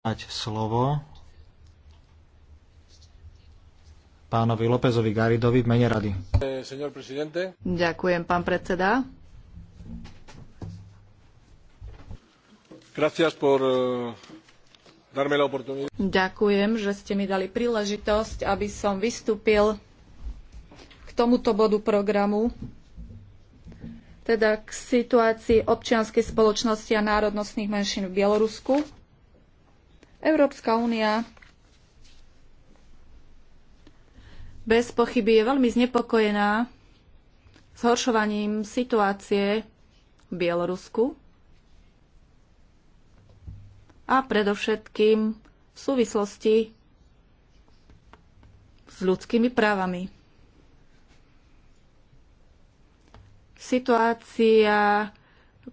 dať slovo pánovi Lópezovi Garidovi v mene rady. Ďakujem, pán predseda. Eh, Ďakujem, že ste mi dali príležitosť, aby som vystúpil k tomuto bodu programu, teda k situácii občianskej spoločnosti a národnostných menšín v Bielorusku. Európska únia bez pochyby je veľmi znepokojená zhoršovaním situácie v Bielorusku a predovšetkým v súvislosti s ľudskými právami. Situácia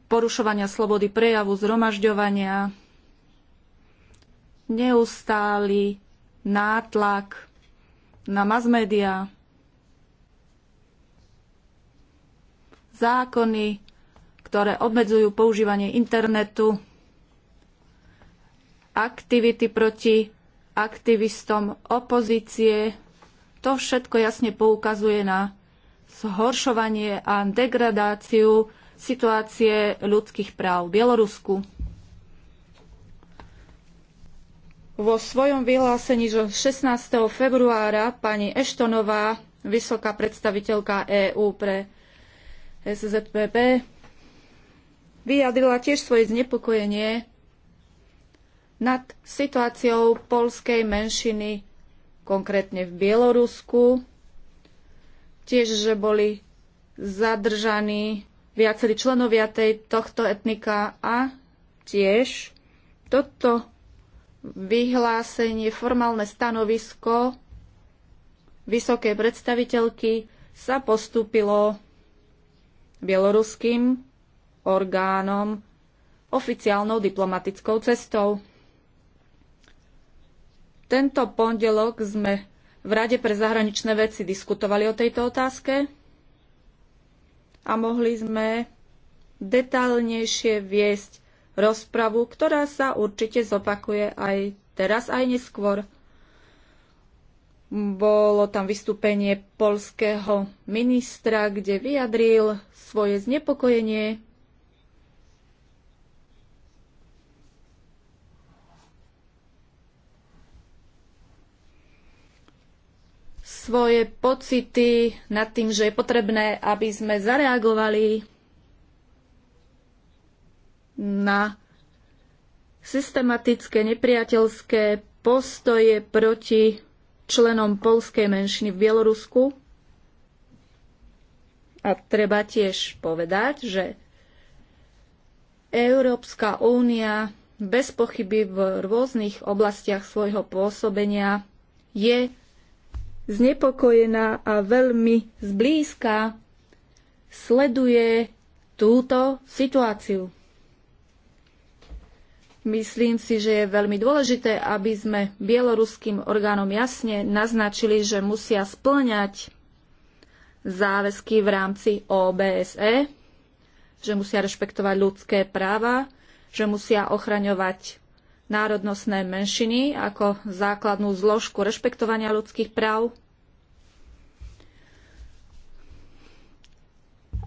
porušovania slobody prejavu, zhromažďovania, neustály nátlak na mass media, zákony, ktoré obmedzujú používanie internetu, aktivity proti aktivistom opozície. To všetko jasne poukazuje na zhoršovanie a degradáciu situácie ľudských práv v Bielorusku. Vo svojom vyhlásení, zo 16. februára pani Eštonová, vysoká predstaviteľka EÚ pre SZPP, vyjadrila tiež svoje znepokojenie nad situáciou polskej menšiny, konkrétne v Bielorusku, tiež, že boli zadržaní viacerí členovia tej, tohto etnika a tiež toto vyhlásenie, formálne stanovisko vysokej predstaviteľky sa postúpilo bieloruským orgánom oficiálnou diplomatickou cestou. Tento pondelok sme v Rade pre zahraničné veci diskutovali o tejto otázke a mohli sme detailnejšie viesť rozpravu, ktorá sa určite zopakuje aj teraz, aj neskôr. Bolo tam vystúpenie polského ministra, kde vyjadril svoje znepokojenie svoje pocity nad tým, že je potrebné, aby sme zareagovali na systematické nepriateľské postoje proti členom polskej menšiny v Bielorusku. A treba tiež povedať, že Európska únia bez pochyby v rôznych oblastiach svojho pôsobenia je znepokojená a veľmi zblízka sleduje túto situáciu. Myslím si, že je veľmi dôležité, aby sme bieloruským orgánom jasne naznačili, že musia splňať záväzky v rámci OBSE, že musia rešpektovať ľudské práva, že musia ochraňovať národnostné menšiny ako základnú zložku rešpektovania ľudských práv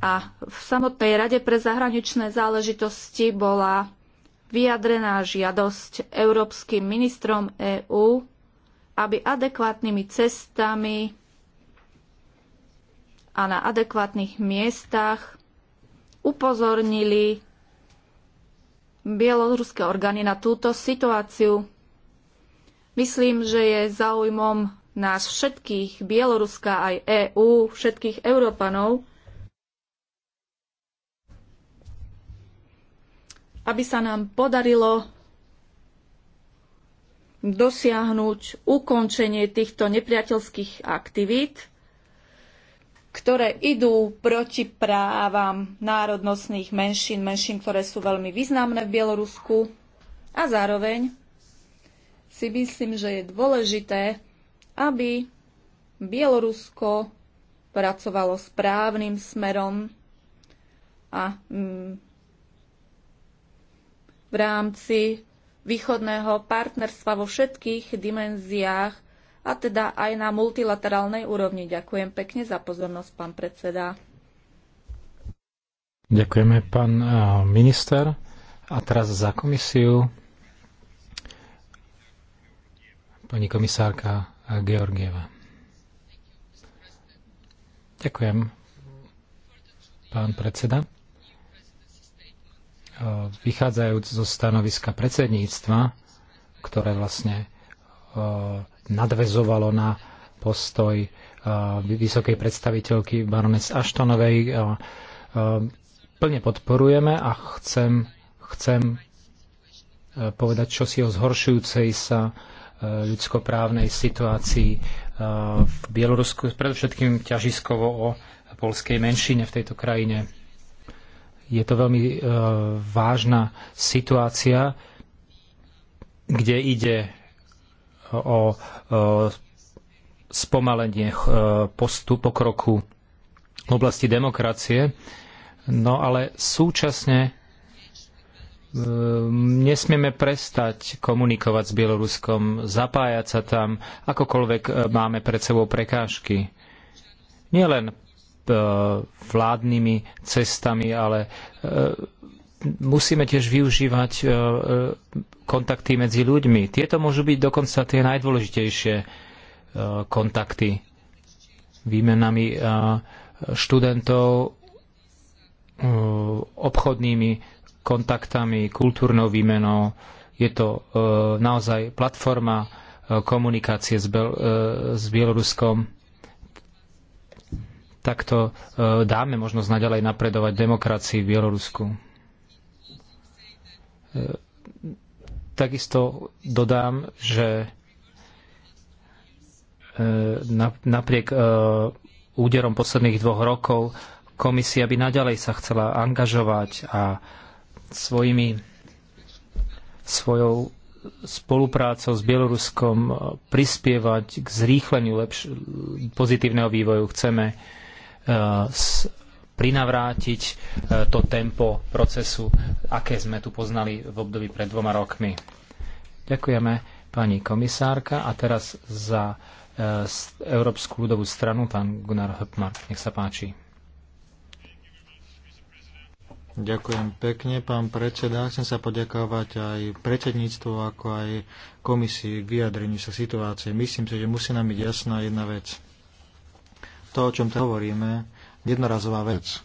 a v samotnej Rade pre zahraničné záležitosti bola vyjadrená žiadosť európskym ministrom EÚ, aby adekvátnymi cestami a na adekvátnych miestach upozornili bieloruské orgány na túto situáciu. Myslím, že je záujmom nás všetkých, Bieloruska aj EÚ, všetkých Európanov, aby sa nám podarilo dosiahnuť ukončenie týchto nepriateľských aktivít, ktoré idú proti právam národnostných menšín, menšín, ktoré sú veľmi významné v Bielorusku. A zároveň si myslím, že je dôležité, aby Bielorusko pracovalo správnym smerom a mm, v rámci východného partnerstva vo všetkých dimenziách a teda aj na multilaterálnej úrovni. Ďakujem pekne za pozornosť, pán predseda. Ďakujeme, pán eh, minister. A teraz za komisiu pani komisárka eh, Georgieva. Ďakujem, pán predseda vychádzajúc zo stanoviska predsedníctva, ktoré vlastne e, nadvezovalo na postoj e, vysokej predstaviteľky barones Aštonovej, e, plne podporujeme a chcem, chcem povedať čosi o zhoršujúcej sa ľudskoprávnej situácii v Bielorusku, predovšetkým ťažiskovo o polskej menšine v tejto krajine. Je to veľmi e, vážna situácia, kde ide o, o spomalenie e, postu pokroku v oblasti demokracie, no ale súčasne e, nesmieme prestať komunikovať s Bieloruskom, zapájať sa tam, akokoľvek e, máme pred sebou prekážky. Nielen E, vládnymi cestami, ale e, musíme tiež využívať e, kontakty medzi ľuďmi. Tieto môžu byť dokonca tie najdôležitejšie kontakty výmenami študentov, obchodnými kontaktami, kultúrnou výmenou. Je to naozaj platforma komunikácie s, Bieloruskom takto e, dáme možnosť naďalej napredovať demokracii v Bielorusku. E, takisto dodám, že e, napriek úderom posledných dvoch rokov komisia by naďalej sa chcela angažovať a svojimi, svojou spoluprácou s Bieloruskom prispievať k zrýchleniu lepš- pozitívneho vývoju. Chceme E, prinavrátiť e, to tempo procesu, aké sme tu poznali v období pred dvoma rokmi. Ďakujeme pani komisárka a teraz za e, Európsku ľudovú stranu pán Gunnar Höpmark. Nech sa páči. Ďakujem pekne, pán predseda. Chcem sa poďakovať aj predsedníctvu, ako aj komisii k vyjadreniu sa situácie. Myslím si, že musí nám byť jasná jedna vec to, o čom to hovoríme, jednorazová vec.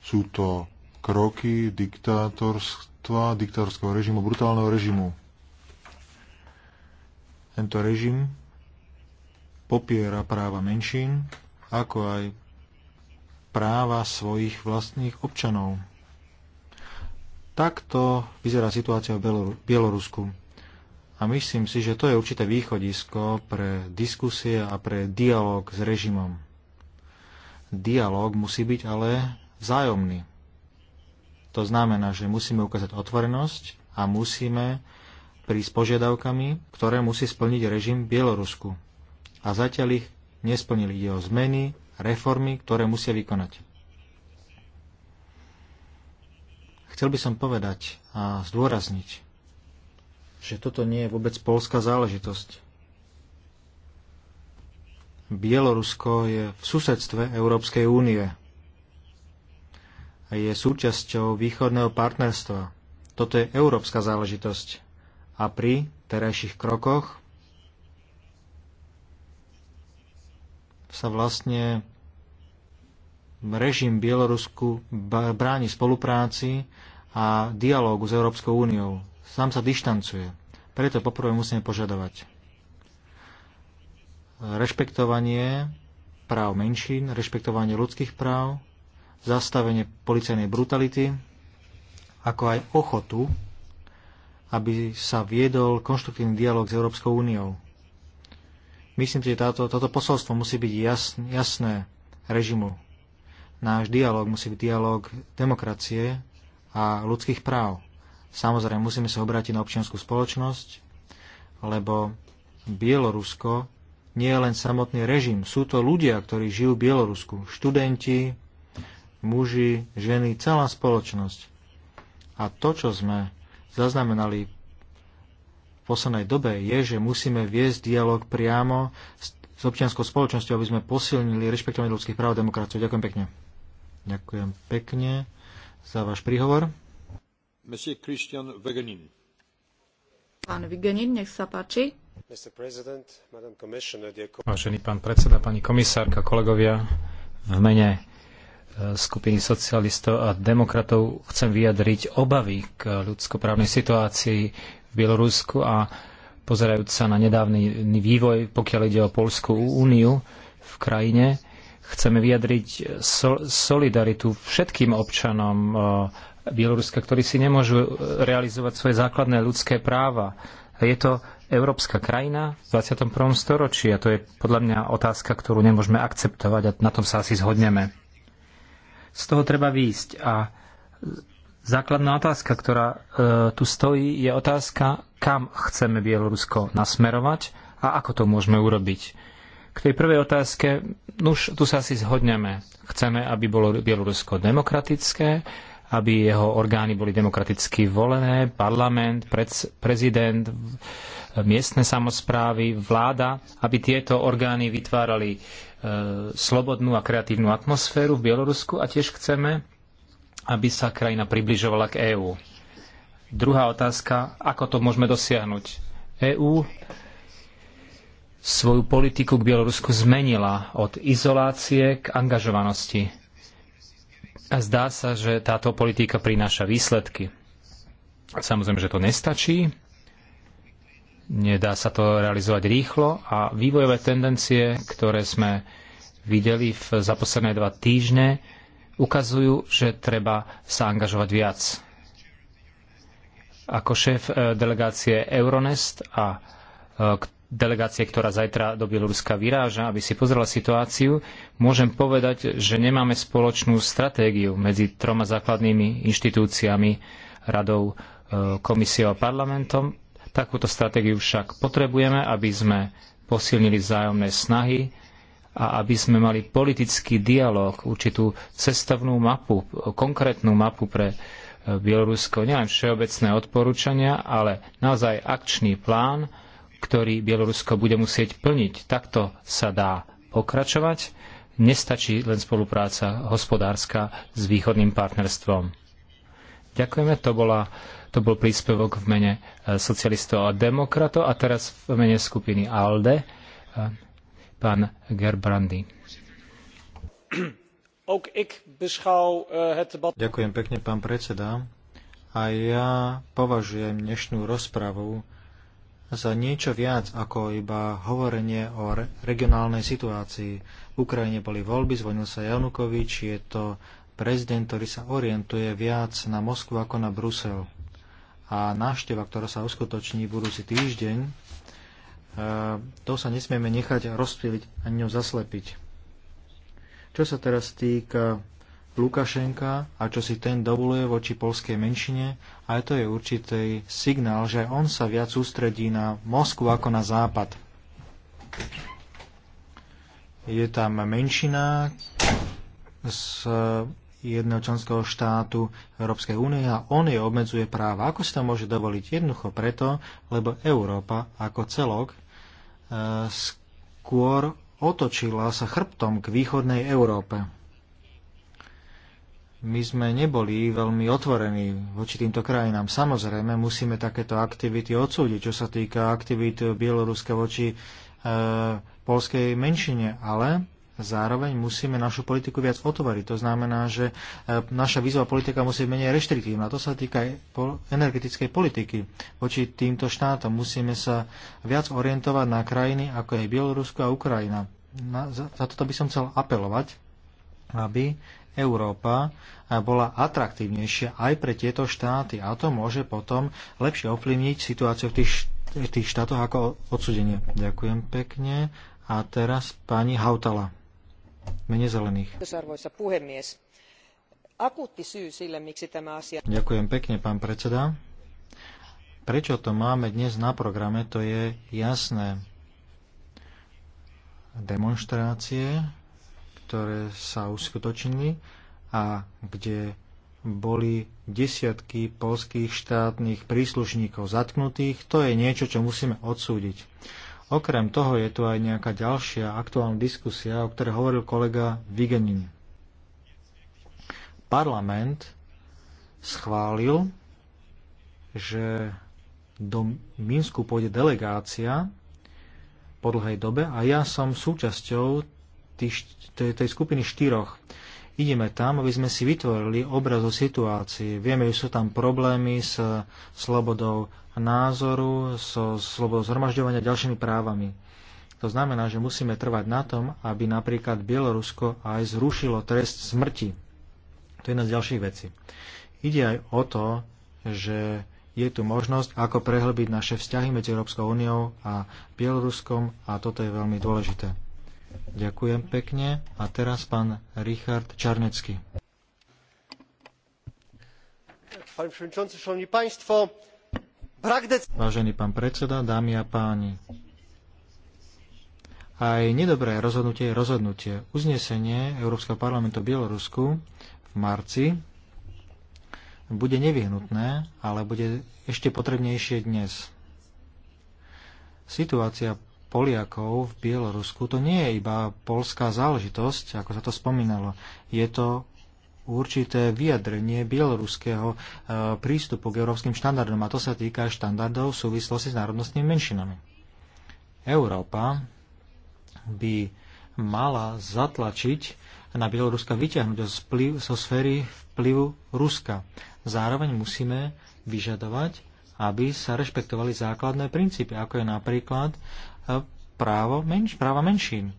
Sú to kroky diktátorstva, diktátorského režimu, brutálneho režimu. Tento režim popiera práva menšín, ako aj práva svojich vlastných občanov. Takto vyzerá situácia v Bielorusku. A myslím si, že to je určité východisko pre diskusie a pre dialog s režimom dialog musí byť ale vzájomný. To znamená, že musíme ukázať otvorenosť a musíme prísť požiadavkami, ktoré musí splniť režim Bielorusku. A zatiaľ ich nesplnili. Ide o zmeny, reformy, ktoré musia vykonať. Chcel by som povedať a zdôrazniť, že toto nie je vôbec polská záležitosť. Bielorusko je v susedstve Európskej únie a je súčasťou východného partnerstva. Toto je európska záležitosť. A pri terajších krokoch sa vlastne režim Bielorusku bráni spolupráci a dialógu s Európskou úniou. Sám sa dištancuje. Preto poprvé musíme požadovať rešpektovanie práv menšín, rešpektovanie ľudských práv, zastavenie policajnej brutality, ako aj ochotu, aby sa viedol konštruktívny dialog s Európskou úniou. Myslím si, že táto, toto posolstvo musí byť jasn, jasné režimu. Náš dialog musí byť dialog demokracie a ľudských práv. Samozrejme, musíme sa obrátiť na občianskú spoločnosť, lebo Bielorusko nie je len samotný režim. Sú to ľudia, ktorí žijú v Bielorusku. Študenti, muži, ženy, celá spoločnosť. A to, čo sme zaznamenali v poslednej dobe, je, že musíme viesť dialog priamo s občianskou spoločnosťou, aby sme posilnili rešpektovanie ľudských práv a demokraciu. Ďakujem pekne. Ďakujem pekne za váš príhovor. Monsieur Christian Wegenin. Pán Vigenin, nech sa páči. Vážený pán predseda, pani komisárka, kolegovia, v mene e, skupiny socialistov a demokratov chcem vyjadriť obavy k ľudskoprávnej situácii v Bielorusku a pozerajúc sa na nedávny vývoj, pokiaľ ide o Polskú úniu v krajine, chceme vyjadriť solidaritu všetkým občanom e, Bieloruska, ktorí si nemôžu realizovať svoje základné ľudské práva. Je to európska krajina v 21. storočí a to je podľa mňa otázka, ktorú nemôžeme akceptovať a na tom sa asi zhodneme. Z toho treba výjsť a základná otázka, ktorá e, tu stojí, je otázka, kam chceme Bielorusko nasmerovať a ako to môžeme urobiť. K tej prvej otázke, už tu sa asi zhodneme. Chceme, aby bolo Bielorusko demokratické, aby jeho orgány boli demokraticky volené, parlament, prezident, miestne samozprávy, vláda, aby tieto orgány vytvárali e, slobodnú a kreatívnu atmosféru v Bielorusku a tiež chceme, aby sa krajina približovala k EÚ. Druhá otázka, ako to môžeme dosiahnuť? EÚ svoju politiku k Bielorusku zmenila od izolácie k angažovanosti a zdá sa, že táto politika prináša výsledky. Samozrejme, že to nestačí. Nedá sa to realizovať rýchlo a vývojové tendencie, ktoré sme videli v, za posledné dva týždne, ukazujú, že treba sa angažovať viac. Ako šéf eh, delegácie Euronest a eh, delegácie, ktorá zajtra do Bieloruska vyráža, aby si pozrela situáciu, môžem povedať, že nemáme spoločnú stratégiu medzi troma základnými inštitúciami, radou, e, komisiou a parlamentom. Takúto stratégiu však potrebujeme, aby sme posilnili vzájomné snahy a aby sme mali politický dialog, určitú cestovnú mapu, konkrétnu mapu pre e, Bielorusko, nielen všeobecné odporúčania, ale naozaj akčný plán, ktorý Bielorusko bude musieť plniť. Takto sa dá pokračovať. Nestačí len spolupráca hospodárska s východným partnerstvom. Ďakujeme, to, bola, to bol príspevok v mene e, socialistov a demokratov a teraz v mene skupiny ALDE e, pán Gerbrandy. E, Ďakujem pekne, pán predseda. A ja považujem dnešnú rozpravu za niečo viac ako iba hovorenie o re- regionálnej situácii. V Ukrajine boli voľby, zvonil sa Janukovič, je to prezident, ktorý sa orientuje viac na Moskvu ako na Brusel. A návšteva, ktorá sa uskutoční budúci týždeň, e, to sa nesmieme nechať rozpíliť ani ňou zaslepiť. Čo sa teraz týka Lukašenka a čo si ten dovoluje voči polskej menšine, aj to je určitý signál, že on sa viac sústredí na Moskvu ako na západ. Je tam menšina z jedného členského štátu Európskej únie a on jej obmedzuje práva. Ako si to môže dovoliť? Jednoducho preto, lebo Európa ako celok e, skôr otočila sa chrbtom k východnej Európe my sme neboli veľmi otvorení voči týmto krajinám. Samozrejme, musíme takéto aktivity odsúdiť, čo sa týka aktivít Bieloruska voči e, polskej menšine, ale zároveň musíme našu politiku viac otvoriť. To znamená, že e, naša výzva politika musí byť menej reštriktívna. To sa týka aj po energetickej politiky. Voči týmto štátom musíme sa viac orientovať na krajiny, ako je Bielorusko a Ukrajina. Na, za, za toto by som chcel apelovať, aby Európa bola atraktívnejšia aj pre tieto štáty a to môže potom lepšie ovplyvniť situáciu v tých, v tých štátoch ako odsudenie. Ďakujem pekne. A teraz pani Hautala. Mene zelených. Ďakujem pekne, pán predseda. Prečo to máme dnes na programe, to je jasné. Demonstrácie, ktoré sa uskutočnili a kde boli desiatky polských štátnych príslušníkov zatknutých, to je niečo, čo musíme odsúdiť. Okrem toho je tu aj nejaká ďalšia aktuálna diskusia, o ktorej hovoril kolega Vigenin. Parlament schválil, že do Minsku pôjde delegácia po dlhej dobe a ja som súčasťou tých, tej, tej skupiny štyroch. Ideme tam, aby sme si vytvorili obraz o situácii. Vieme, že sú tam problémy s slobodou názoru, so slobodou zhromažďovania ďalšími právami. To znamená, že musíme trvať na tom, aby napríklad Bielorusko aj zrušilo trest smrti. To je jedna z ďalších vecí. Ide aj o to, že je tu možnosť, ako prehlbiť naše vzťahy medzi Európskou úniou a Bieloruskom a toto je veľmi dôležité. Ďakujem pekne. A teraz pán Richard Čarnecký. Vážený pán predseda, dámy a páni, aj nedobré rozhodnutie je rozhodnutie. Uznesenie Európskeho parlamentu Bielorusku v marci bude nevyhnutné, ale bude ešte potrebnejšie dnes. Situácia Poliakov v Bielorusku, to nie je iba polská záležitosť, ako sa to spomínalo. Je to určité vyjadrenie bieloruského e, prístupu k európskym štandardom a to sa týka štandardov v súvislosti s národnostnými menšinami. Európa by mala zatlačiť na Bieloruska vyťahnuť zo, spliv, zo sféry vplyvu Ruska. Zároveň musíme vyžadovať, aby sa rešpektovali základné princípy, ako je napríklad právo menš, práva menšín.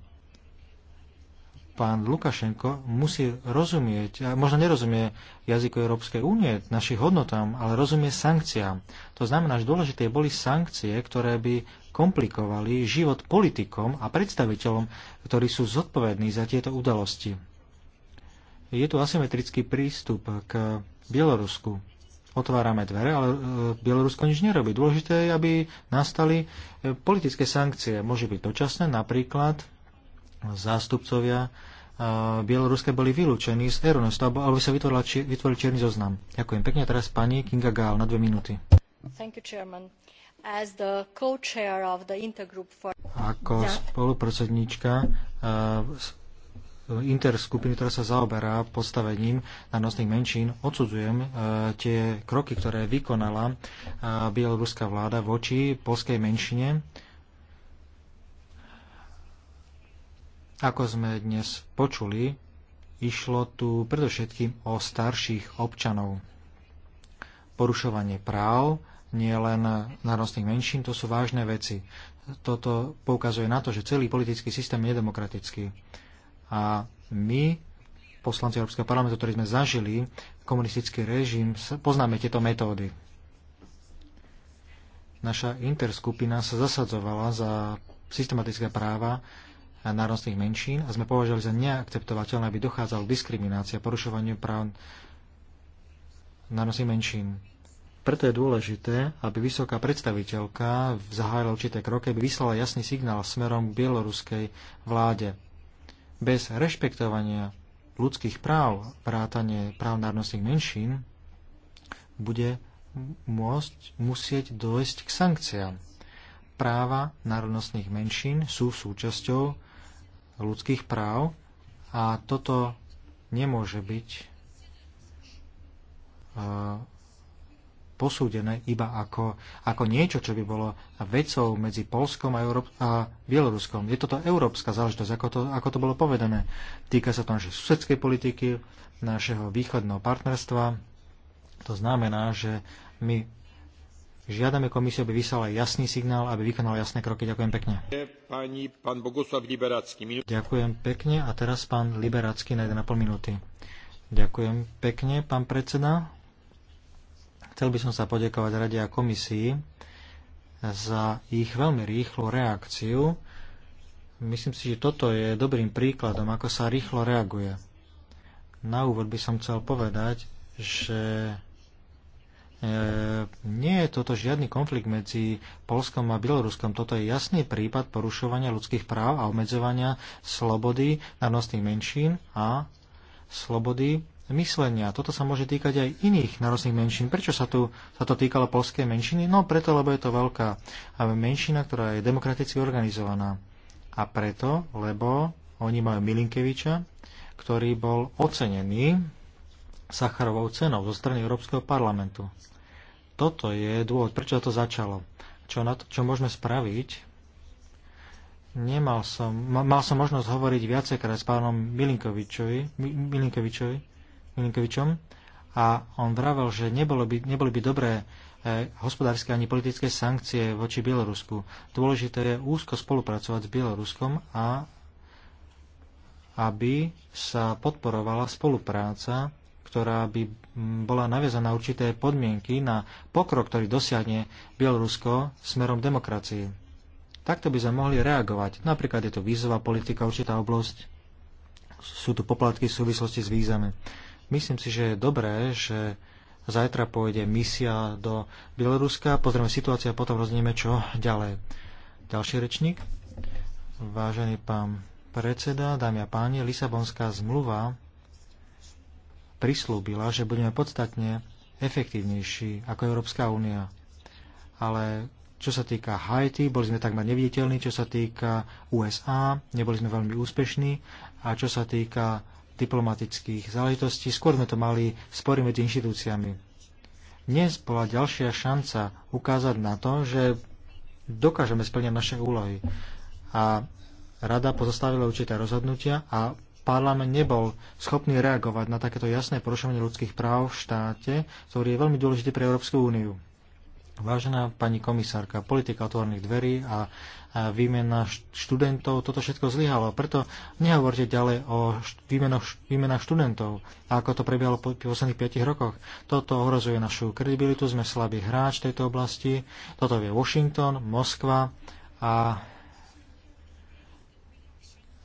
Pán Lukašenko musí rozumieť, a možno nerozumie jazyku Európskej únie, našich hodnotám, ale rozumie sankciám. To znamená, že dôležité boli sankcie, ktoré by komplikovali život politikom a predstaviteľom, ktorí sú zodpovední za tieto udalosti. Je tu asymetrický prístup k Bielorusku otvárame dvere, ale e, Bielorusko nič nerobí. Dôležité je, aby nastali e, politické sankcie. Môže byť dočasné, napríklad zástupcovia e, Bieloruske boli vylúčení z Euronestu, alebo sa vytvoril, či, vytvoril čierny zoznam. Ďakujem pekne. teraz pani Kinga Gál na dve minúty. Thank you, chairman. As the co-chair of the intergroup for... Ako spolupracovníčka uh, E, interskupiny, ktorá sa zaoberá postavením národnostných menšín. Odsudzujem e, tie kroky, ktoré vykonala e, bieloruská vláda voči polskej menšine. Ako sme dnes počuli, išlo tu predovšetkým o starších občanov. Porušovanie práv nie len národnostných menšín, to sú vážne veci. Toto poukazuje na to, že celý politický systém je demokratický. A my, poslanci Európskeho parlamentu, ktorí sme zažili komunistický režim, poznáme tieto metódy. Naša interskupina sa zasadzovala za systematické práva národných menšín a sme považovali za neakceptovateľné, aby dochádzalo k diskriminácii a porušovaniu práv národných menšín. Preto je dôležité, aby vysoká predstaviteľka zahájila určité kroky, aby vyslala jasný signál smerom k bieloruskej vláde bez rešpektovania ľudských práv, vrátanie práv národnostných menšín, bude môcť, musieť dojsť k sankciám. Práva národnostných menšín sú súčasťou ľudských práv a toto nemôže byť posúdené iba ako, ako niečo, čo by bolo vecou medzi Polskom a, Euró- a Bieloruskom. Je toto európska záležitosť, ako to, ako to bolo povedané. Týka sa to našej susedskej politiky, našeho východného partnerstva. To znamená, že my žiadame komisiu, aby vyslala jasný signál, aby vykonala jasné kroky. Ďakujem pekne. Pani, pán minú- Ďakujem pekne a teraz pán Liberácky na 1,5 minúty. Ďakujem pekne, pán predseda. Chcel by som sa podekovať Rade a komisii za ich veľmi rýchlu reakciu. Myslím si, že toto je dobrým príkladom, ako sa rýchlo reaguje. Na úvod by som chcel povedať, že e, nie je toto žiadny konflikt medzi Polskom a Bieloruskom. Toto je jasný prípad porušovania ľudských práv a obmedzovania slobody národnostných menšín a slobody myslenia. Toto sa môže týkať aj iných národných menšín. Prečo sa tu sa to týkalo polskej menšiny? No preto, lebo je to veľká menšina, ktorá je demokraticky organizovaná. A preto, lebo oni majú Milinkeviča, ktorý bol ocenený Sacharovou cenou zo strany Európskeho parlamentu. Toto je dôvod, prečo to začalo. Čo, na to, čo môžeme spraviť? Nemal som, mal som možnosť hovoriť viacekrát s pánom Milinkovičovi, Milinkovičovi Milinkovičom a on vravel, že nebolo by, neboli by dobré e, hospodárske ani politické sankcie voči Bielorusku. Dôležité je úzko spolupracovať s Bieloruskom a aby sa podporovala spolupráca, ktorá by bola naviazaná určité podmienky na pokrok, ktorý dosiahne Bielorusko smerom demokracie. Takto by sme mohli reagovať. Napríklad je to vízová politika, určitá oblasť. Sú tu poplatky v súvislosti s vízami. Myslím si, že je dobré, že zajtra pôjde misia do Bieloruska, pozrieme situáciu a potom roznieme, čo ďalej. Ďalší rečník. Vážený pán predseda, dámy a páni, Lisabonská zmluva prislúbila, že budeme podstatne efektívnejší ako Európska únia. Ale čo sa týka Haiti, boli sme takmer neviditeľní, čo sa týka USA, neboli sme veľmi úspešní a čo sa týka diplomatických záležitostí, skôr sme to mali spory medzi inštitúciami. Dnes bola ďalšia šanca ukázať na to, že dokážeme splňať naše úlohy. A rada pozostavila určité rozhodnutia a parlament nebol schopný reagovať na takéto jasné porušovanie ľudských práv v štáte, ktorý je veľmi dôležitý pre Európsku úniu. Vážená pani komisárka, politika otvorených dverí a výmena študentov, toto všetko zlyhalo. Preto nehovorte ďalej o výmenách študentov, ako to prebiehalo po posledných 5 rokoch. Toto ohrozuje našu kredibilitu, sme slabý hráč v tejto oblasti. Toto je Washington, Moskva a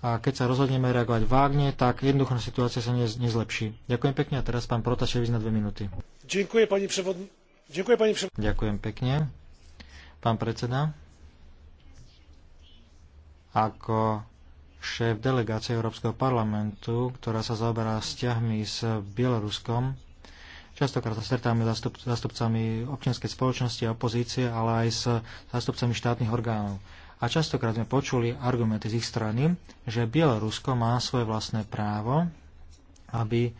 a keď sa rozhodneme reagovať vágne, tak jednoducho situácia sa nezlepší. Ďakujem pekne a teraz pán Protaševič na dve minúty. Ďakujem pani Ďakujem, pani Ďakujem pekne. Pán predseda, ako šéf delegácie Európskeho parlamentu, ktorá sa zaoberá vzťahmi s Bieloruskom, Častokrát sa stretáme s zastup, zastupcami občianskej spoločnosti a opozície, ale aj s zastupcami štátnych orgánov. A častokrát sme počuli argumenty z ich strany, že Bielorusko má svoje vlastné právo, aby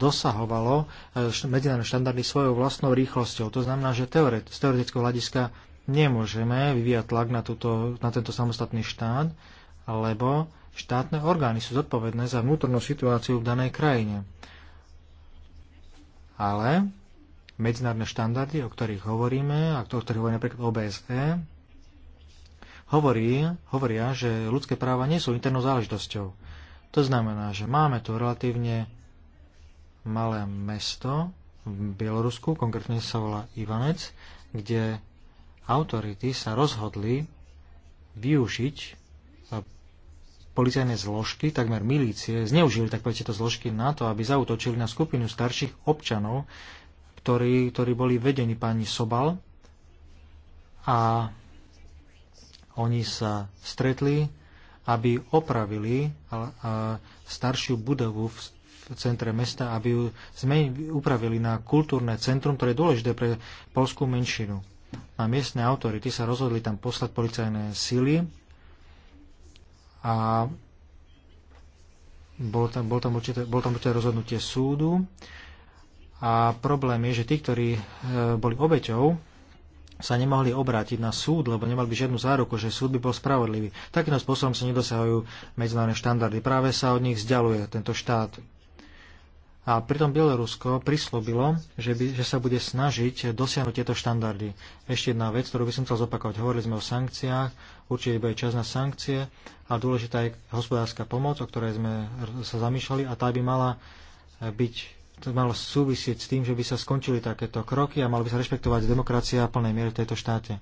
dosahovalo e, medzinárodné štandardy svojou vlastnou rýchlosťou. To znamená, že teoret, z teoretického hľadiska nemôžeme vyvíjať tlak na, túto, na tento samostatný štát, lebo štátne orgány sú zodpovedné za vnútornú situáciu v danej krajine. Ale medzinárodné štandardy, o ktorých hovoríme, a o ktorých hovorí napríklad OBSE, hovorí, hovoria, že ľudské práva nie sú internou záležitosťou. To znamená, že máme tu relatívne malé mesto v Bielorusku, konkrétne sa volá Ivanec, kde autority sa rozhodli využiť e, policajné zložky, takmer milície, zneužili tak povedať tieto zložky na to, aby zautočili na skupinu starších občanov, ktorí, ktorí boli vedení pani Sobal a oni sa stretli, aby opravili staršiu budovu v centre mesta, aby ju zmenili, upravili na kultúrne centrum, ktoré je dôležité pre polskú menšinu. A miestne autority sa rozhodli tam poslať policajné síly a bol tam, bol tam, určité, bol tam určité rozhodnutie súdu. A problém je, že tí, ktorí e, boli obeťou, sa nemohli obrátiť na súd, lebo nemali by žiadnu záruku, že súd by bol spravodlivý. Takýmto spôsobom sa nedosahujú medzinárodné štandardy. Práve sa od nich vzdialuje tento štát. A pritom Bielorusko prislúbilo, že, by, že sa bude snažiť dosiahnuť tieto štandardy. Ešte jedna vec, ktorú by som chcel zopakovať. Hovorili sme o sankciách, určite bude čas na sankcie, a dôležitá je hospodárska pomoc, o ktorej sme sa zamýšľali a tá by mala byť to malo súvisieť s tým, že by sa skončili takéto kroky a malo by sa rešpektovať demokracia a plnej miery v tejto štáte.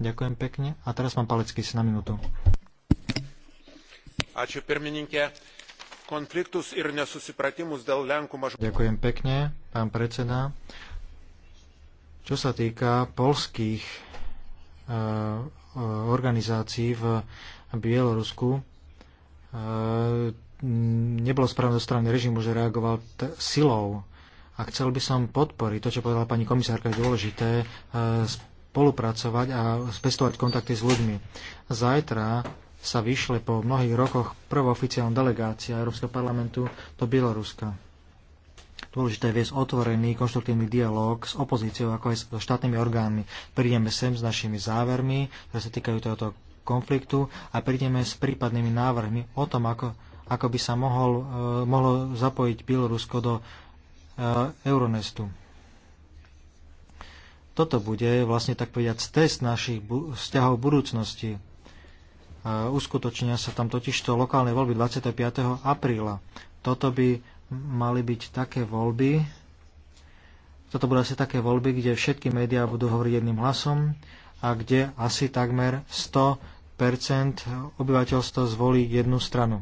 Ďakujem pekne. A teraz mám Palecký na minútu. Ačiū pirmininkė konfliktus ir nesusipratimus dėl Lenkų mažumos. Ďakujem pekne, pán predseda. Čo sa týka polských e, organizácií v Bielorusku, e, nebolo správne zo strany režimu, že reagoval silou. A chcel by som podporiť to, čo povedala pani komisárka, je dôležité e, spolupracovať a spestovať kontakty s ľuďmi. Zajtra sa vyšle po mnohých rokoch prvá oficiálna delegácia Európskeho parlamentu do Bieloruska. Dôležité je viesť otvorený konštruktívny dialog s opozíciou, ako aj so štátnymi orgánmi. Prídeme sem s našimi závermi, ktoré sa týkajú tohoto konfliktu a prídeme s prípadnými návrhmi o tom, ako, ako by sa mohol, uh, mohlo zapojiť Bielorusko do uh, Euronestu toto bude vlastne tak povedať test našich bu- vzťahov budúcnosti. Uskutočnia sa tam totižto lokálne voľby 25. apríla. Toto by mali byť také voľby, toto budú asi také voľby, kde všetky médiá budú hovoriť jedným hlasom a kde asi takmer 100% obyvateľstva zvolí jednu stranu.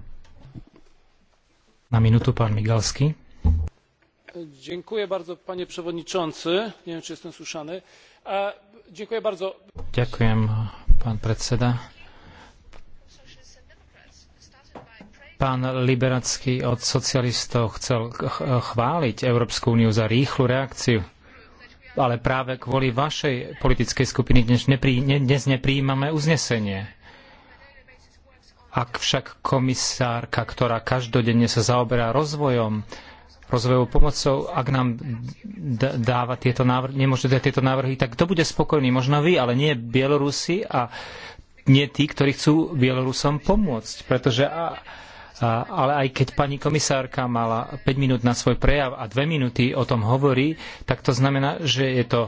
Na minútu pán Migalsky. Ďakujem bardzo, panie przewodniczący. Nie wiem, czy jestem słyszany. Ďakujem bardzo. Ďakujem, pán predseda. Pán Liberacký od socialistov chcel chváliť Európsku úniu za rýchlu reakciu, ale práve kvôli vašej politickej skupiny dnes, neprí, dnes nepríjmame uznesenie. Ak však komisárka, ktorá každodenne sa zaoberá rozvojom, rozvojovou pomocou, ak nám dáva tieto návrhy, nemôže dať tieto návrhy, tak kto bude spokojný? Možno vy, ale nie Bielorusi a nie tí, ktorí chcú Bielorusom pomôcť. Pretože a, ale aj keď pani komisárka mala 5 minút na svoj prejav a 2 minúty o tom hovorí, tak to znamená, že je to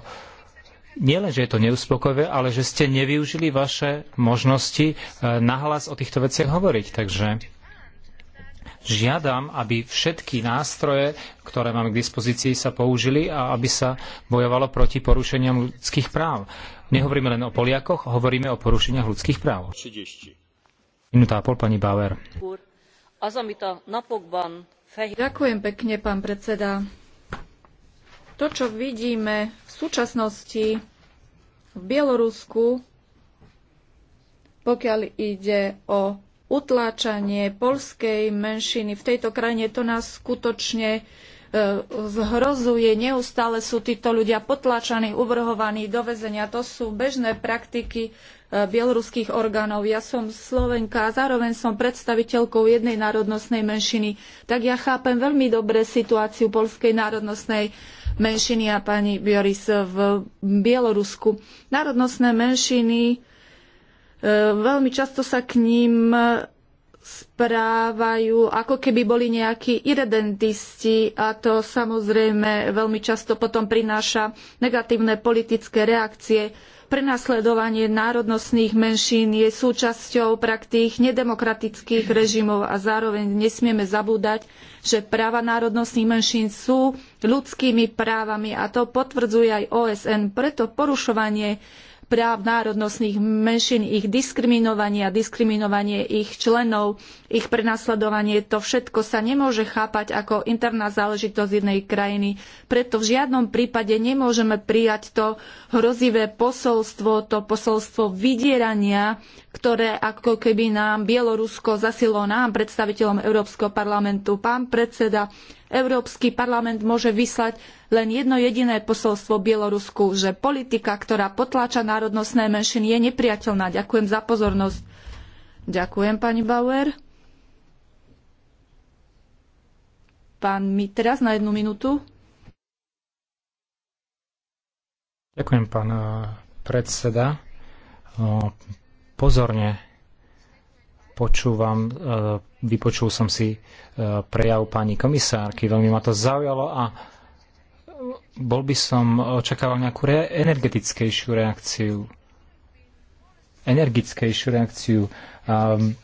nielen, že je to neuspokojivé, ale že ste nevyužili vaše možnosti e, nahlas o týchto veciach hovoriť. Takže žiadam, aby všetky nástroje, ktoré máme k dispozícii, sa použili a aby sa bojovalo proti porušeniam ľudských práv. Nehovoríme len o Poliakoch, hovoríme o porušeniach ľudských práv. Minúta a pol, pani Bauer. Ďakujem pekne, pán predseda. To, čo vidíme v súčasnosti v Bielorusku, pokiaľ ide o utláčanie polskej menšiny v tejto krajine, to nás skutočne e, zhrozuje. Neustále sú títo ľudia potláčaní, uvrhovaní do väzenia. To sú bežné praktiky Eh, bieloruských orgánov. Ja som Slovenka a zároveň som predstaviteľkou jednej národnostnej menšiny. Tak ja chápem veľmi dobre situáciu polskej národnostnej menšiny a pani Bioris v Bielorusku. Národnostné menšiny eh, veľmi často sa k ním správajú, ako keby boli nejakí irredentisti a to samozrejme veľmi často potom prináša negatívne politické reakcie prenasledovanie národnostných menšín je súčasťou praktík nedemokratických režimov a zároveň nesmieme zabúdať, že práva národnostných menšín sú ľudskými právami a to potvrdzuje aj OSN. Preto porušovanie práv národnostných menšín, ich diskriminovanie a diskriminovanie ich členov, ich prenasledovanie, to všetko sa nemôže chápať ako interná záležitosť jednej krajiny. Preto v žiadnom prípade nemôžeme prijať to hrozivé posolstvo, to posolstvo vydierania, ktoré ako keby nám Bielorusko zasilo nám, predstaviteľom Európskeho parlamentu. Pán predseda, Európsky parlament môže vyslať len jedno jediné posolstvo Bielorusku, že politika, ktorá potláča národnostné menšiny, je nepriateľná. Ďakujem za pozornosť. Ďakujem, pani Bauer. Pán mi na jednu minútu. Ďakujem, pán eh, predseda. Eh, pozorne počúvam eh, Vypočul som si e, prejav pani komisárky, veľmi ma to zaujalo a bol by som očakával nejakú re- energetickejšiu reakciu. Energickejšiu reakciu. Um,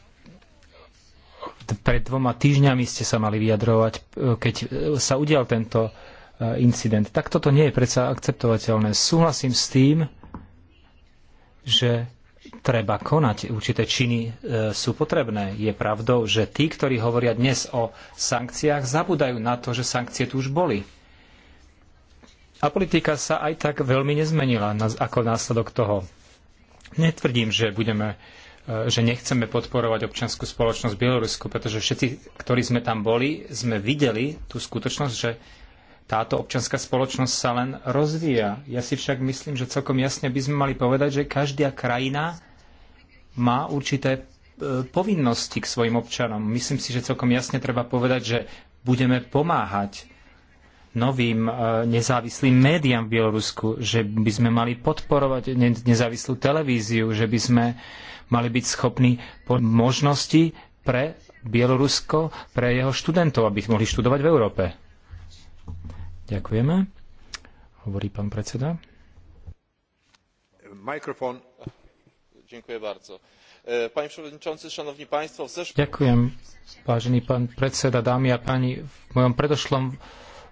pred dvoma týždňami ste sa mali vyjadrovať, e, keď e, sa udial tento incident. Tak toto nie je predsa akceptovateľné. Súhlasím s tým, že treba konať, určité činy e, sú potrebné. Je pravdou, že tí, ktorí hovoria dnes o sankciách, zabudajú na to, že sankcie tu už boli. A politika sa aj tak veľmi nezmenila na, ako následok toho. Netvrdím, že budeme e, že nechceme podporovať občiansku spoločnosť v Bielorusku, pretože všetci, ktorí sme tam boli, sme videli tú skutočnosť, že táto občianská spoločnosť sa len rozvíja. Ja si však myslím, že celkom jasne by sme mali povedať, že každá krajina má určité e, povinnosti k svojim občanom. Myslím si, že celkom jasne treba povedať, že budeme pomáhať novým e, nezávislým médiám v Bielorusku, že by sme mali podporovať nezávislú televíziu, že by sme mali byť schopní možnosti pre Bielorusko, pre jeho študentov, aby mohli študovať v Európe. Ďakujeme, hovorí pán predseda. Mikrofón. Ďakujem bardzo. E, panie przewodniczący, szanowni państwo, w zeszłym... Ďakujem, vážený pán predseda, dámy a páni. V mojom predošlom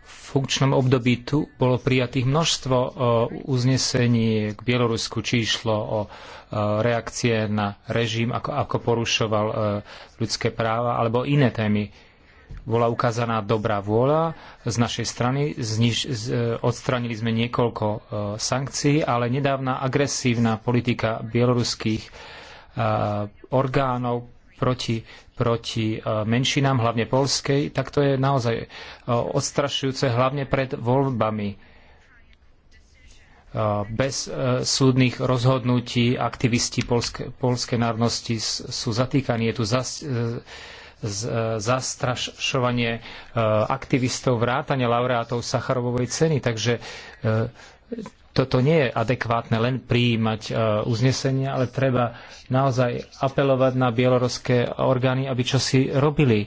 funkčnom období tu bolo prijatých množstvo e, uznesení k Bielorusku, či išlo o e, reakcie na režim, ako, ako porušoval ľudské práva, alebo iné témy bola ukázaná dobrá vôľa z našej strany. Zniž, z, e, odstranili sme niekoľko e, sankcií, ale nedávna agresívna politika bieloruských e, orgánov proti, proti e, menšinám, hlavne polskej, tak to je naozaj e, odstrašujúce, hlavne pred voľbami. E, bez e, súdnych rozhodnutí aktivisti polske, polskej národnosti sú zatýkaní. Je tu zas, E, zastrašovanie e, aktivistov vrátanie laureátov Sacharovovej ceny. Takže e, toto nie je adekvátne len prijímať uznesenia, ale treba naozaj apelovať na bieloruské orgány, aby čo si robili.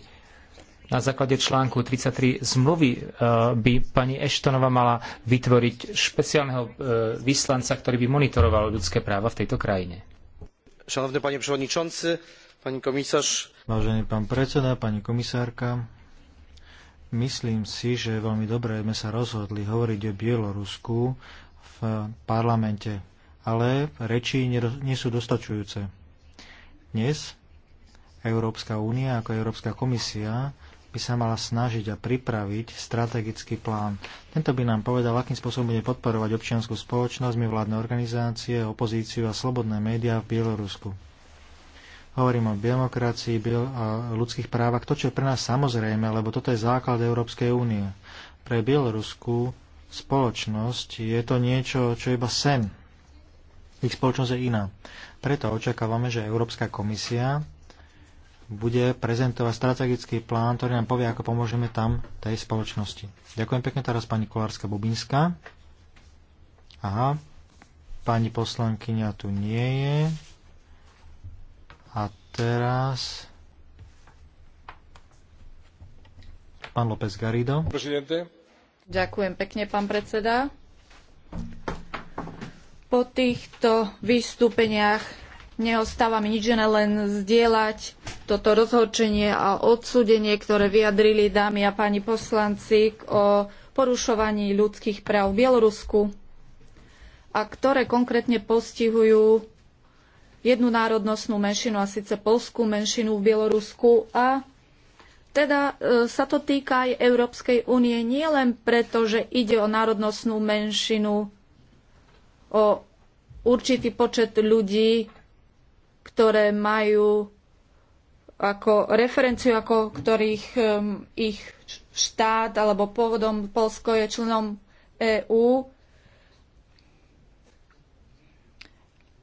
Na základe článku 33 zmluvy by pani Eštonova mala vytvoriť špeciálneho vyslanca, ktorý by monitoroval ľudské práva v tejto krajine. Szanowny panie przewodniczący, pani komisář. Vážený pán predseda, pani komisárka, myslím si, že je veľmi dobre sme sa rozhodli hovoriť o Bielorusku v parlamente, ale reči nie sú dostačujúce. Dnes Európska únia ako Európska komisia by sa mala snažiť a pripraviť strategický plán. Tento by nám povedal, akým spôsobom bude podporovať občianskú spoločnosť, mimovládne organizácie, opozíciu a slobodné médiá v Bielorusku. Hovorím o demokracii a ľudských právach, to, čo je pre nás samozrejme, lebo toto je základ Európskej únie. Pre bieloruskú spoločnosť je to niečo, čo je iba sen. Ich spoločnosť je iná. Preto očakávame, že Európska komisia bude prezentovať strategický plán, ktorý nám povie, ako pomôžeme tam tej spoločnosti. Ďakujem pekne teraz pani Kolárska-Bubinská. Aha, pani poslankyňa tu nie je. Teraz pán López Garrido. Ďakujem pekne, pán predseda. Po týchto vystúpeniach neostáva mi nič iné, len zdieľať toto rozhorčenie a odsúdenie, ktoré vyjadrili dámy a páni poslanci o porušovaní ľudských práv v Bielorusku a ktoré konkrétne postihujú jednu národnostnú menšinu, a síce polskú menšinu v Bielorusku. A teda e, sa to týka aj Európskej únie nie len preto, že ide o národnostnú menšinu, o určitý počet ľudí, ktoré majú ako referenciu, ako ktorých um, ich štát alebo pôvodom Polsko je členom EÚ,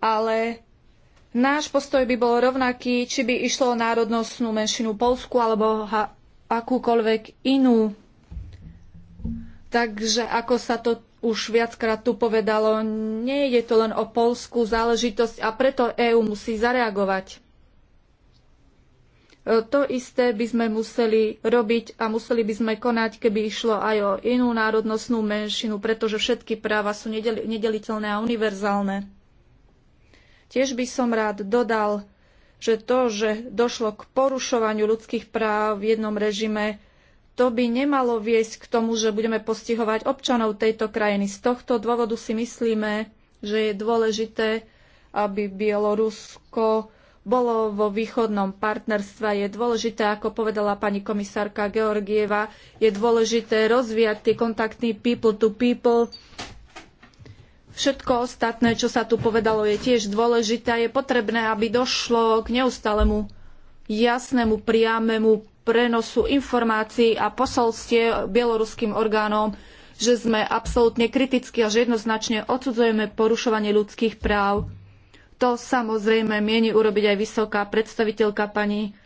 ale Náš postoj by bol rovnaký, či by išlo o národnostnú menšinu Polsku alebo ha- akúkoľvek inú. Takže ako sa to už viackrát tu povedalo, nie je to len o polskú záležitosť a preto EÚ musí zareagovať. E, to isté by sme museli robiť a museli by sme konať, keby išlo aj o inú národnostnú menšinu, pretože všetky práva sú nedeliteľné a univerzálne. Tiež by som rád dodal, že to, že došlo k porušovaniu ľudských práv v jednom režime, to by nemalo viesť k tomu, že budeme postihovať občanov tejto krajiny. Z tohto dôvodu si myslíme, že je dôležité, aby Bielorusko bolo vo východnom partnerstve. Je dôležité, ako povedala pani komisárka Georgieva, je dôležité rozvíjať tie kontakty people to people Všetko ostatné, čo sa tu povedalo, je tiež dôležité. Je potrebné, aby došlo k neustálemu jasnému, priamému prenosu informácií a posolstie bieloruským orgánom, že sme absolútne kritickí a že jednoznačne odsudzujeme porušovanie ľudských práv. To samozrejme mieni urobiť aj vysoká predstaviteľka pani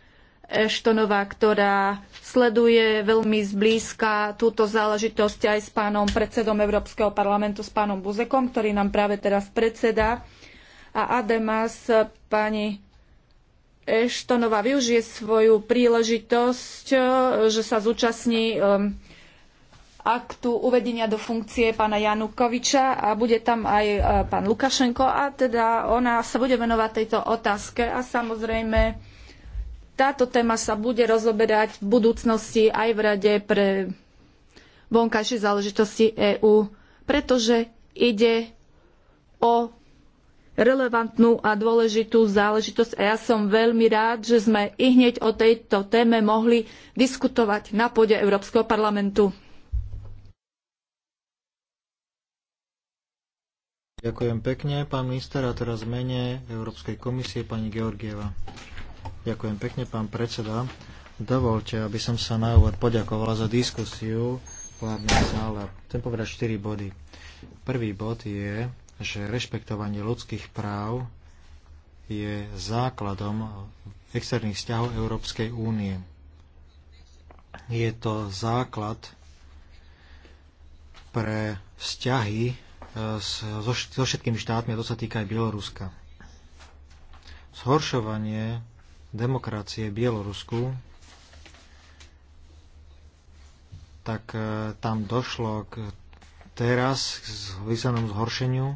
Eštonová, ktorá sleduje veľmi zblízka túto záležitosť aj s pánom predsedom Európskeho parlamentu, s pánom Buzekom, ktorý nám práve teraz predseda. A Ademas pani Eštonová využije svoju príležitosť, e, že sa zúčastní aktu uvedenia do funkcie pána Janukoviča a bude tam aj e, pán Lukašenko a teda ona sa bude venovať tejto otázke a samozrejme táto téma sa bude rozoberať v budúcnosti aj v Rade pre vonkajšie záležitosti EÚ, pretože ide o relevantnú a dôležitú záležitosť a ja som veľmi rád, že sme i hneď o tejto téme mohli diskutovať na pôde Európskeho parlamentu. Ďakujem pekne, pán minister, a teraz mene Európskej komisie pani Georgieva. Ďakujem pekne, pán predseda. Dovolte, aby som sa na úvod poďakovala za diskusiu v hlavnej sále. Chcem povedať 4 body. Prvý bod je, že rešpektovanie ľudských práv je základom externých vzťahov Európskej únie. Je to základ pre vzťahy e, so všetkými štátmi, a to sa týka aj Bieloruska. Zhoršovanie demokracie Bielorusku, tak e, tam došlo k teraz k významnému zhoršeniu.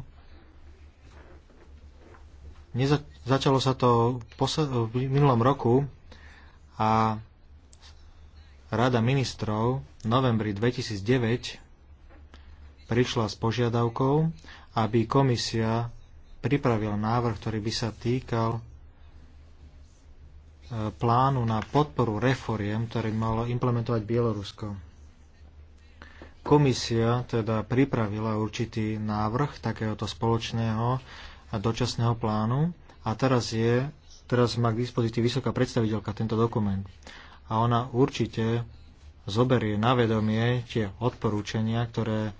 Neza- začalo sa to v minulom roku a Rada ministrov v novembri 2009 prišla s požiadavkou, aby komisia pripravila návrh, ktorý by sa týkal plánu na podporu reforiem, ktoré malo implementovať Bielorusko. Komisia teda pripravila určitý návrh takéhoto spoločného a dočasného plánu a teraz, je, teraz má k dispozícii vysoká predstaviteľka tento dokument. A ona určite zoberie na vedomie tie odporúčania, ktoré,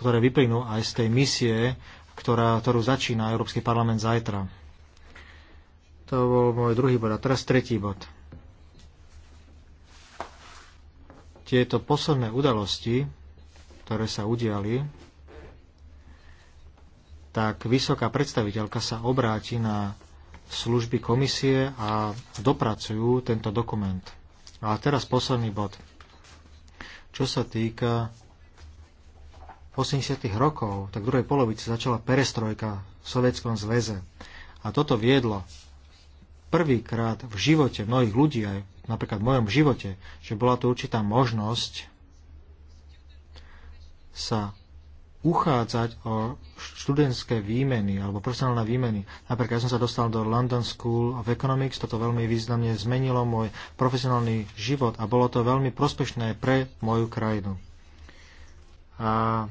ktoré vyplynú aj z tej misie, ktorá, ktorú začína Európsky parlament zajtra. To bol môj druhý bod. A teraz tretí bod. Tieto posledné udalosti, ktoré sa udiali, tak vysoká predstaviteľka sa obráti na služby komisie a dopracujú tento dokument. A teraz posledný bod. Čo sa týka 80. rokov, tak v druhej polovici začala perestrojka v Sovjetskom zväze. A toto viedlo prvýkrát v živote mnohých ľudí, aj napríklad v mojom živote, že bola tu určitá možnosť sa uchádzať o študentské výmeny alebo profesionálne výmeny. Napríklad ja som sa dostal do London School of Economics, toto veľmi významne zmenilo môj profesionálny život a bolo to veľmi prospešné pre moju krajinu. A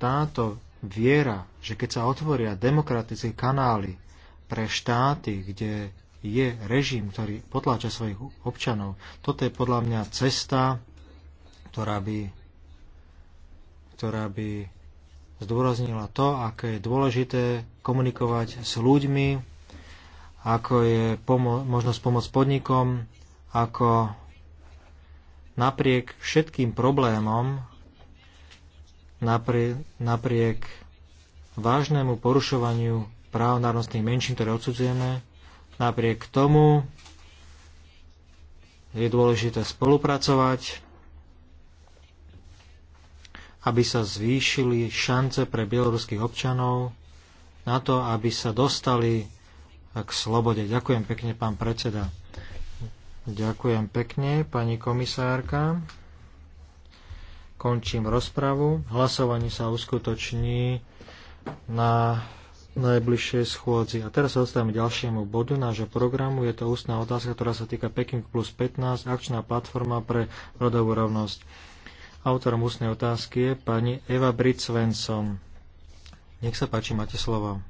táto viera, že keď sa otvoria demokratické kanály pre štáty, kde je režim, ktorý potláča svojich občanov. Toto je podľa mňa cesta, ktorá by, ktorá by zdôraznila to, aké je dôležité komunikovať s ľuďmi, ako je pomo- možnosť pomôcť podnikom, ako napriek všetkým problémom, napriek, napriek vážnemu porušovaniu práv národnostných menšín, ktoré odsudzujeme. Napriek tomu je dôležité spolupracovať, aby sa zvýšili šance pre bieloruských občanov na to, aby sa dostali k slobode. Ďakujem pekne, pán predseda. Ďakujem pekne, pani komisárka. Končím rozpravu. Hlasovanie sa uskutoční na najbližšej schôdzi. A teraz sa dostávame ďalšiemu bodu nášho programu. Je to ústná otázka, ktorá sa týka Peking plus 15, akčná platforma pre rodovú rovnosť. Autorom ústnej otázky je pani Eva Britsvenson. Nech sa páči, máte slovo.